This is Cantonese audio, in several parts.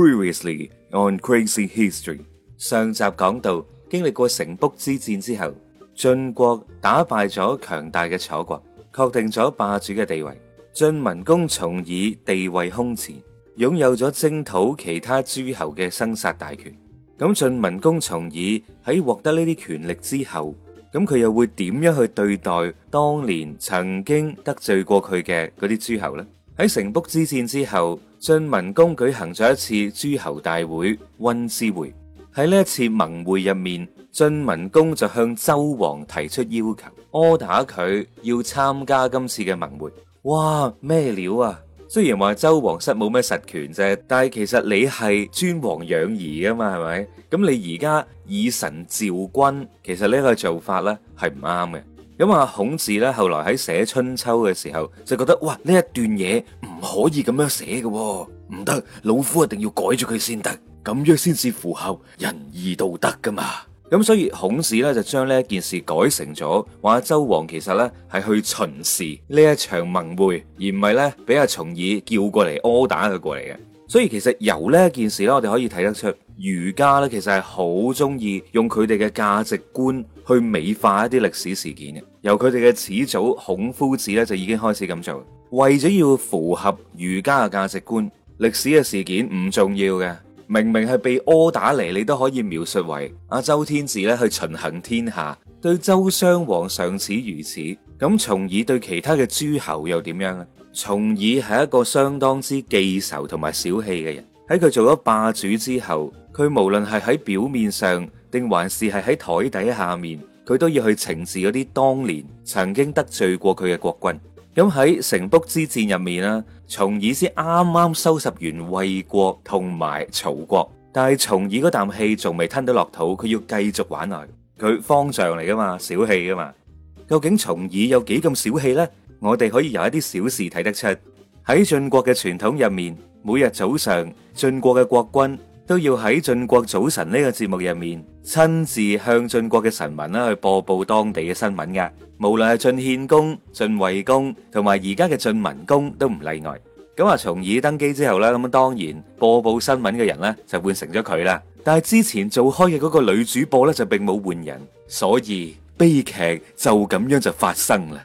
Previously on Crazy History，上集講到經歷過城濮之戰之後，晉國打敗咗強大嘅楚國，確定咗霸主嘅地位。晉文公重耳地位空前，擁有咗征討其他諸侯嘅生殺大權。咁晉文公重耳喺獲得呢啲權力之後，咁佢又會點樣去對待當年曾經得罪過佢嘅嗰啲諸侯呢？喺城濮之戰之後。晉文公舉行咗一次諸侯大會，溫之會。喺呢一次盟會入面，晉文公就向周王提出要求，柯打佢要參加今次嘅盟會。哇，咩料啊？雖然話周王室冇咩實權啫，但係其實你係尊王攘夷噶嘛，係咪？咁你而家以臣召君，其實呢個做法呢係唔啱嘅。咁啊，孔子咧後來喺寫春秋嘅時候，就覺得哇，呢一段嘢，唔可以咁樣寫嘅。哦，唔得，老夫一定要改咗佢先得，咁樣先至符合仁義道德噶嘛。咁、嗯、所以孔子咧就將呢一件事改成咗，話周王其實咧係去巡視呢一場盟會，而唔係咧俾阿重耳叫過嚟柯打佢過嚟嘅。所以其實由呢一件事咧，我哋可以睇得出。儒家咧，其實係好中意用佢哋嘅價值觀去美化一啲歷史事件嘅。由佢哋嘅始祖孔夫子咧，就已經開始咁做，為咗要符合儒家嘅價值觀，歷史嘅事件唔重要嘅。明明係被柯打嚟，你都可以描述為阿周天子咧去巡行天下，對周襄王尚此如此，咁重耳對其他嘅諸侯又點樣呢？重耳係一個相當之記仇同埋小氣嘅人。喺佢做咗霸主之後。佢無論係喺表面上，定還是係喺台底下面，佢都要去懲治嗰啲當年曾經得罪過佢嘅國君。咁喺城濮之戰入面啦，重耳先啱啱收拾完衛國同埋曹國，但係重耳嗰啖氣仲未吞到落肚，佢要繼續玩耐佢方丈嚟㗎嘛，小氣㗎嘛。究竟重耳有幾咁小氣呢？我哋可以由一啲小事睇得出，喺晉國嘅傳統入面，每日早上晉國嘅國君，都要喺晉國早晨呢個節目入面親自向晉國嘅臣民啦去播報當地嘅新聞嘅，無論係晉獻公、晉惠公同埋而家嘅晉文公都唔例外。咁啊，重耳登基之後咧，咁當然播報新聞嘅人咧就換成咗佢啦。但係之前做開嘅嗰個女主播咧就並冇換人，所以悲劇就咁樣就發生啦。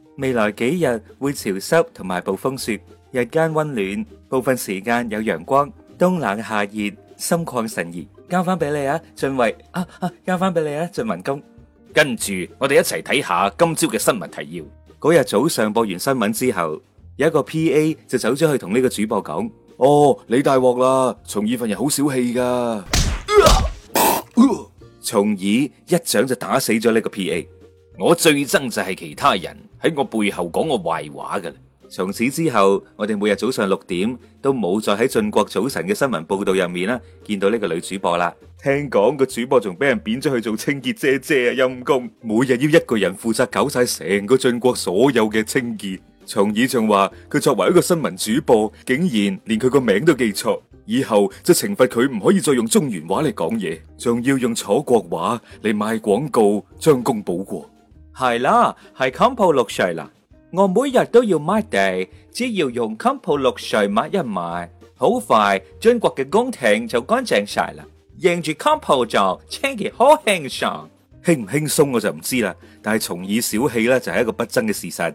未來幾日會潮濕同埋暴風雪，日間温暖，部分時間有陽光，冬冷夏熱，心曠神怡。交翻俾你啊，晉惠啊啊，交翻俾你啊，晉文公。跟住我哋一齊睇下今朝嘅新聞提要。嗰日早上播完新聞之後，有一個 PA 就走咗去同呢個主播講：哦，你大鑊啦！重耳份人好小氣噶，重耳一掌就打死咗呢個 PA。我最憎就係其他人喺我背後講我壞話噶。從此之後，我哋每日早上六點都冇再喺晉國早晨嘅新聞報道入面啦，見到呢個女主播啦。聽講個主播仲俾人貶咗去做清潔姐姐啊，陰公，每日要一個人負責搞晒成個晉國所有嘅清潔。重耳仲話，佢作為一個新聞主播，竟然連佢個名都記錯，以後就懲罰佢唔可以再用中原話嚟講嘢，仲要用楚國話嚟賣廣告，將功補過。係啦，係畚布六碎啦！我每日都要抹地，只要用畚布六碎抹一抹，好快，中國嘅宮廷就乾淨晒啦。用住畚布就清潔好輕鬆，輕唔輕鬆我就唔知啦。但係重耳小氣咧就係、是、一個不爭嘅事實。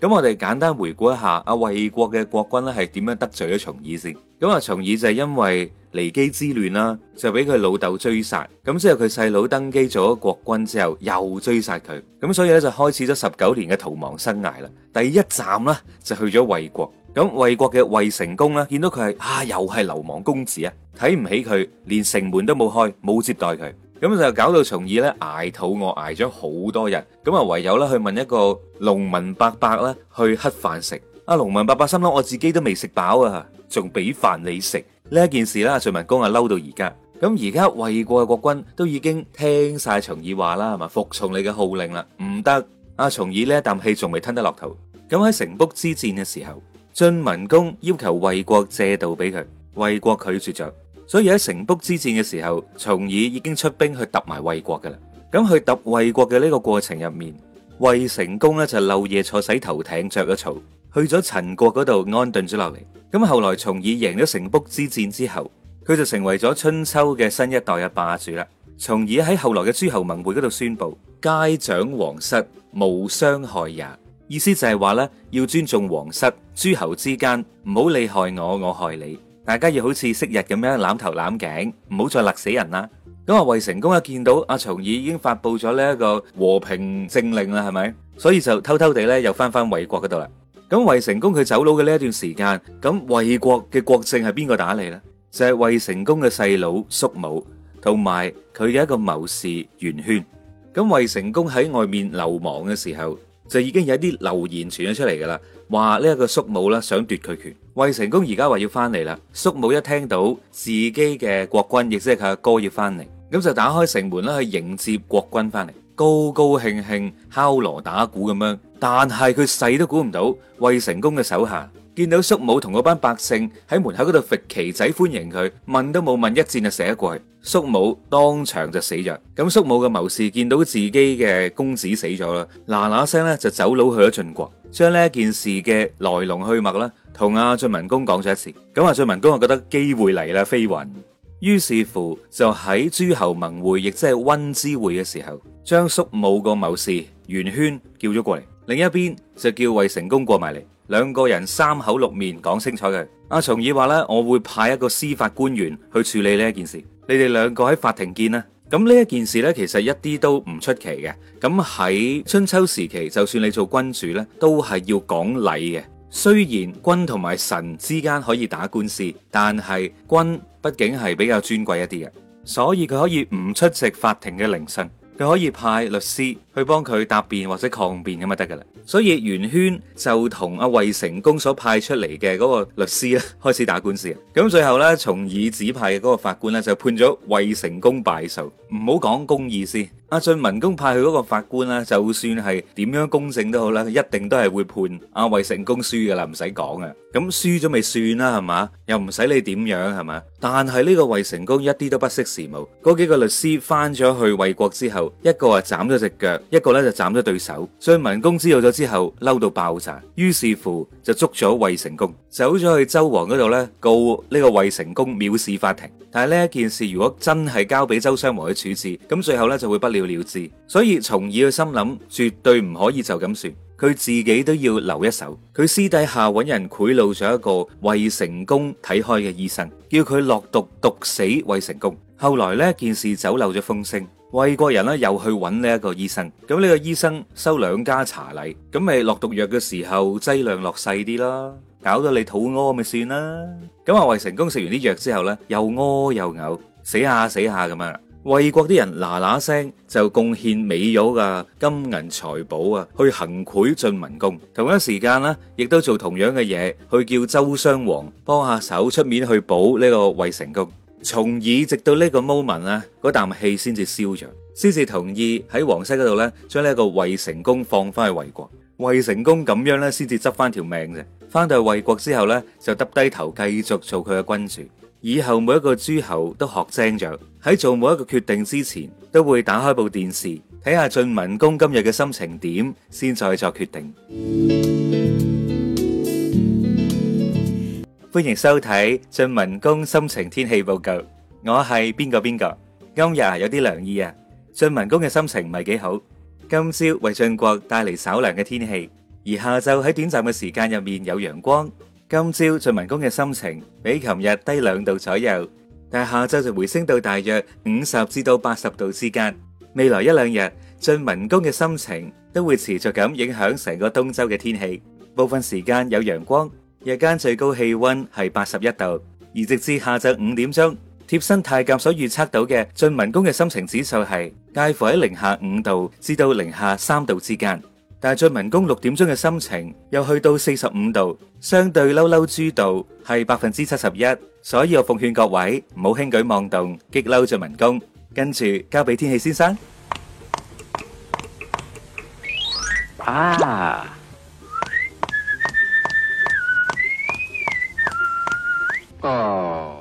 咁我哋簡單回顧一下阿衛、啊、國嘅國君咧係點樣得罪咗重耳先。咁啊，重耳就係因為驪姬之亂啦，就俾佢老豆追殺。咁之後佢細佬登基做國君之後，又追殺佢。咁所以咧就開始咗十九年嘅逃亡生涯啦。第一站呢就去咗衛國。咁衛國嘅衛成公啦，見到佢係啊又係流亡公子啊，睇唔起佢，連城門都冇開，冇接待佢。咁就搞到重耳咧挨肚餓挨咗好多日。咁啊唯有啦去問一個農民伯伯啦去乞飯食。啊農民伯伯心諗我自己都未食飽啊。仲俾飯你食呢一件事啦，啊，晉文公啊嬲到而家咁。而家衛國嘅國君都已經聽晒重耳話啦，係咪服從你嘅號令啦，唔得啊，重耳呢一啖氣仲未吞得落頭咁。喺、嗯、城濮之戰嘅時候，晉文公要求衛國借道俾佢，衛國拒絕咗，所以喺城濮之戰嘅時候，重耳已經出兵去揼埋衛國噶啦。咁、嗯、去揼衛國嘅呢個過程入面，衛成公呢就漏夜坐洗頭艇，着咗草去咗陳國嗰度安頓咗落嚟。咁後來，重耳贏咗城濮之戰之後，佢就成為咗春秋嘅新一代嘅霸主啦。重耳喺後來嘅諸侯盟會嗰度宣布，皆長王室，無相害也。意思就係話咧，要尊重王室，諸侯之間唔好你害我，我害你，大家要好似昔日咁樣攬頭攬頸，唔好再勒死人啦。咁啊，衛成公一、啊、見到阿重耳已經發布咗呢一個和平政令啦，係咪？所以就偷偷地咧，又返返衛國嗰度啦。咁魏成功佢走佬嘅呢一段時間，咁魏國嘅國政係邊個打理呢？就係魏成功嘅細佬叔母，同埋佢嘅一個謀士圓圈。咁魏成功喺外面流亡嘅時候，就已經有一啲流言傳咗出嚟㗎啦，話呢一個叔母咧想奪佢權。魏成功而家話要翻嚟啦，叔母一聽到自己嘅國君，亦即係佢阿哥要翻嚟，咁就打開城門啦，去迎接國君翻嚟。高高興興敲鑼打鼓咁樣，但係佢細都估唔到魏成功嘅手下見到叔母同嗰班百姓喺門口嗰度揈旗仔歡迎佢，問都冇問，一箭就射咗過去，叔母當場就死咗。咁叔母嘅謀士見到自己嘅公子死咗啦，嗱嗱聲咧就走佬去咗晉國，將呢件事嘅來龍去脈啦，同阿晉文公講咗一次。咁阿晉文公就覺得機會嚟啦，飛云。於是乎就喺諸侯盟會，亦即係温之會嘅時候，將叔武個謀士元咺叫咗過嚟。另一邊就叫衛成公過埋嚟，兩個人三口六面講清楚嘅。阿重耳話咧，我會派一個司法官員去處理呢一件事，你哋兩個喺法庭見啦。咁呢一件事咧，其實一啲都唔出奇嘅。咁喺春秋時期，就算你做君主咧，都係要講禮嘅。雖然君同埋神之間可以打官司，但係君畢竟係比較尊貴一啲嘅，所以佢可以唔出席法庭嘅聆訊，佢可以派律師去幫佢答辯或者抗辯咁咪得噶啦。所以元咺就同阿衛成公所派出嚟嘅嗰個律師咧，開始打官司。咁最後呢，從以指派嘅嗰個法官呢，就判咗衛成公敗訴。唔好講公義先。阿晉文公派去嗰個法官咧，就算係點樣公正都好啦，一定都係會判阿衛成功輸嘅啦，唔使講啊。咁輸咗咪算啦，係嘛，又唔使理點樣係嘛。但係呢個衛成功一啲都不識時務，嗰幾個律師翻咗去衛國之後，一個係斬咗隻腳，一個咧就斬咗對手。晉文公知道咗之後，嬲到爆炸，於是乎就捉咗衛成功，走咗去周王嗰度咧，告呢個衛成功藐視法庭。但係呢一件事如果真係交俾周商王去處置，咁最後呢就會不了了之。所以重耳嘅心諗，絕對唔可以就咁算，佢自己都要留一手。佢私底下揾人賄賂咗一個衛成功睇開嘅醫生，叫佢落毒毒死衛成功。後來呢件事走漏咗風聲，衛國人咧又去揾呢一個醫生，咁呢個醫生收兩家茶禮，咁咪落毒藥嘅時候劑量落細啲啦。搞到你肚屙咪算啦！咁啊，衛成公食完啲藥之後呢，又屙又嘔，死下死下咁啊！衛國啲人嗱嗱聲就貢獻美玉啊、金銀財寶啊，去行賄晉文公。同一時間呢，亦都做同樣嘅嘢，去叫周襄王幫下手出面去保呢個衛成公，從而直到呢個 moment 咧，嗰啖氣先至消咗，先至同意喺皇室嗰度呢，將呢個衛成公放翻去衛國。為成功咁樣咧，先至執翻條命啫。翻到去魏國之後咧，就耷低頭繼續做佢嘅君主。以後每一個諸侯都學精咗，喺做每一個決定之前，都會打開部電視睇下晉文公今日嘅心情點，先再作決定。歡迎收睇《晉文公心情天氣報告》，我係邊個邊個。今日有啲涼意啊，晉文公嘅心情唔係幾好。今朝為晉國帶嚟稍涼嘅天氣，而下晝喺短暫嘅時間入面有陽光。今朝晉文公嘅心情比琴日低兩度左右，但係下晝就回升到大約五十至到八十度之間。未來一兩日晉文公嘅心情都會持續咁影響成個東周嘅天氣，部分時間有陽光，日間最高氣溫係八十一度，而直至下晝五點鐘貼身太監所預測到嘅晉文公嘅心情指數係介乎喺零下五度至到零下三度之間，但係晉文公六點鐘嘅心情又去到四十五度，相對嬲嬲豬度係百分之七十一，所以我奉勸各位唔好輕舉妄動，激嬲晉文公。跟住交俾天氣先生。啊。哦。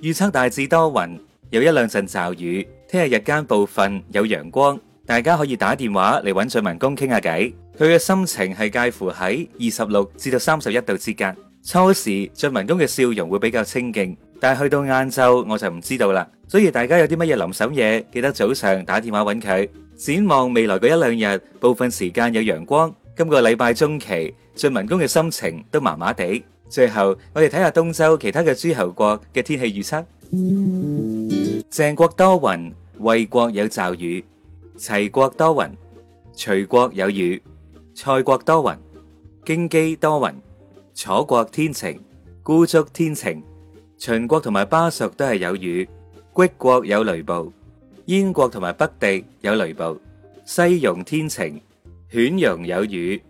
預測大致多雲，有一兩陣驟雨。聽日日間部分有陽光，大家可以打電話嚟揾晉文公傾下偈。佢嘅心情係介乎喺二十六至到三十一度之間。初時晉文公嘅笑容會比較清勁，但係去到晏晝我就唔知道啦。所以大家有啲乜嘢臨審嘢，記得早上打電話揾佢。展望未來嗰一兩日，部分時間有陽光。今個禮拜中期，晉文公嘅心情都麻麻地。最後，我哋睇下東周其他嘅諸侯國嘅天氣預測。鄭 國多雲，衛國有驟雨，齊國多雲，徐國有雨，蔡國多雲，京畿多雲，楚國天晴，姑蘇天晴，秦國同埋巴蜀都係有雨，龜國有雷暴，燕國同埋北地有雷暴，西戎天晴，犬戎有雨，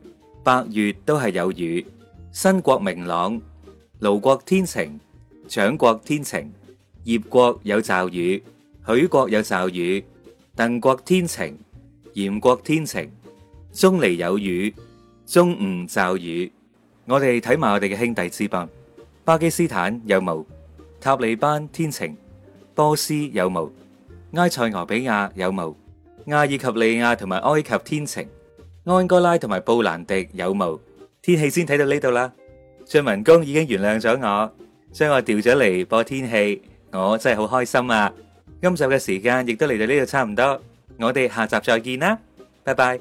百越都係有雨。新國明朗，盧國天晴，長國天晴，葉國有驟雨，許國有驟雨，鄧國天晴，嚴國天晴，中尼有雨，中吳驟雨。我哋睇埋我哋嘅兄弟之邦：巴基斯坦有霧，塔利班天晴；波斯有霧，埃塞俄比亞有霧，阿爾及利亞同埋埃及天晴，安哥拉同埋布蘭迪有霧。天氣先睇到呢度啦，晉文公已經原諒咗我，將我調咗嚟播天氣，我真係好開心啊！今集嘅時間亦都嚟到呢度差唔多，我哋下集再見啦，拜拜。